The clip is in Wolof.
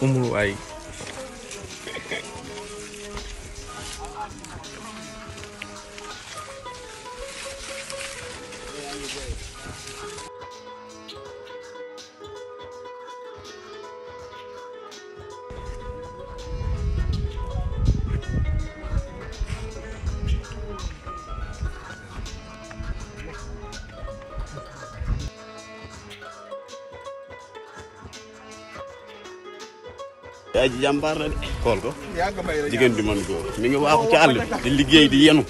umul waay yaay ji jàmbaar la de xool ko jigéen bi man góor mi ngi waaxu ci àll di liggéey di yenu